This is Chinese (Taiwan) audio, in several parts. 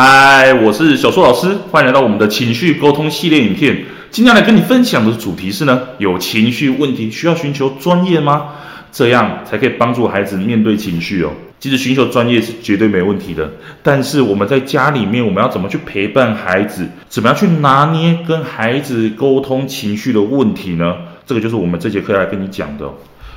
嗨，我是小樹老師，歡迎來到我們的情緒溝通系列影片。今天來跟你分享的主題是呢，有情緒問題需要尋求專業嗎？這樣才可以幫助孩子面對情緒哦。其實尋求專業是絕對沒問題的，但是我們在家裡面，我們要怎麼去陪伴孩子？怎麼樣去拿捏跟孩子溝通情緒的問題呢？這個就是我們這節課來跟你講的。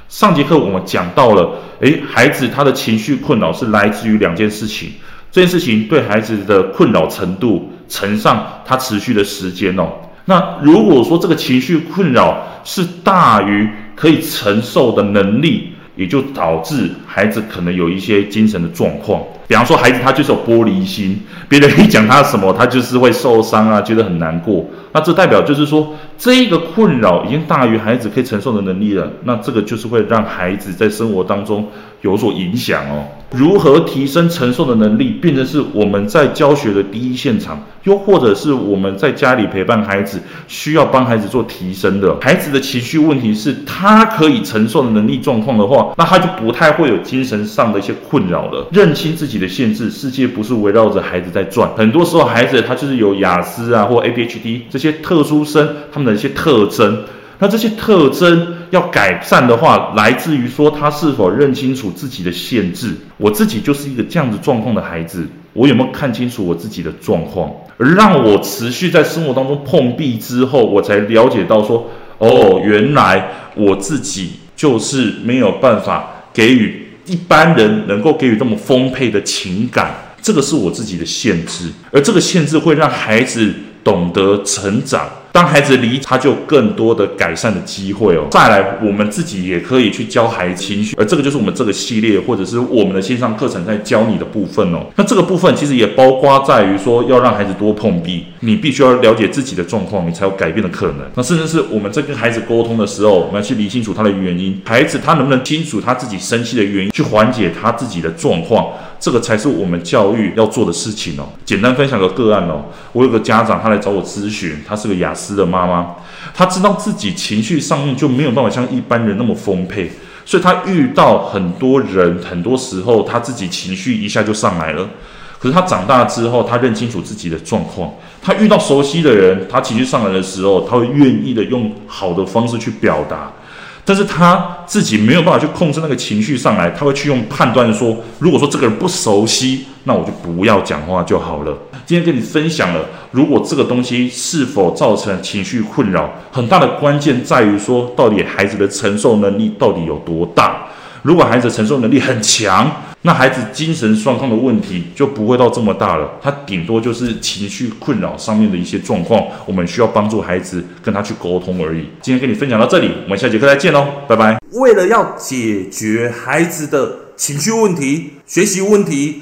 上節課我們講到了，誒，孩子他的情緒困擾是來自於兩件事情。這件事情對孩子的困擾程度乘上它持續的時間哦，那如果說這個情緒困擾是大於可以承受的能力，也就導致孩子可能有一些精神的狀況。比方說，孩子他就是有玻璃心，別人一講他什麼，他就是會受傷啊，覺得很難過。那這代表就是說，這一個困擾已經大於孩子可以承受的能力了。那這個就是會讓孩子在生活當中有所影響哦。如何提升承受的能力，變成是我們在教學的第一現場，又或者是我們在家裡陪伴孩子，需要幫孩子做提升的。孩子的情緒問題是他可以承受的能力狀況的話，那他就不太會有精神上的一些困擾了。認清自己。自己的限制，世界不是圍繞着孩子在轉。很多時候，孩子他就是有亞斯啊，或 ADHD 這些特殊生，他們的一些特徵。那這些特徵要改善的話，來自於說他是否認清楚自己的限制。我自己就是一個這樣子狀況的孩子，我有沒有看清楚我自己的狀況？而讓我持續在生活當中碰壁之後，我才了解到說，哦，原來我自己就是沒有辦法給予。一般人能夠給予這麼豐沛的情感，這個是我自己的限制，而這個限制會讓孩子懂得成長。當孩子離他，就有更多的改善的機會哦。再來，我們自己也可以去教孩子情緒，而這個就是我們這個系列或者是我們的線上課程在教你的部分哦。那這個部分其實也包括在於說，要讓孩子多碰壁，你必須要了解自己的狀況，你才有改變的可能。那甚至是我們在跟孩子溝通的時候，我們要去理清楚他的原因，孩子他能不能清楚他自己生氣的原因，去緩解他自己的狀況，這個才是我們教育要做的事情哦。簡單分享個個案哦，我有個家長他來找我諮詢，他是個牙。斯的媽媽，她知道自己情緒上面就沒有辦法像一般人那麼豐沛，所以她遇到很多人，很多時候她自己情緒一下就上來了。可是她長大之後，她認清楚自己的狀況，她遇到熟悉的人，她情緒上來的時候，她會願意的用好的方式去表達。但是她自己沒有辦法去控制那個情緒上來，她會去用判斷說，如果說這個人不熟悉，那我就不要講話就好了。今天跟你分享了，如果這個東西是否造成情緒困擾，很大的關鍵在於說，到底孩子的承受能力到底有多大。如果孩子承受能力很強，那孩子精神狀況的問題就不會到這麼大了。他頂多就是情緒困擾上面的一些狀況，我們需要幫助孩子跟他去溝通而已。今天跟你分享到這裡，我們下節課再見嘍，拜拜。為了要解決孩子的情緒問題、學習問題。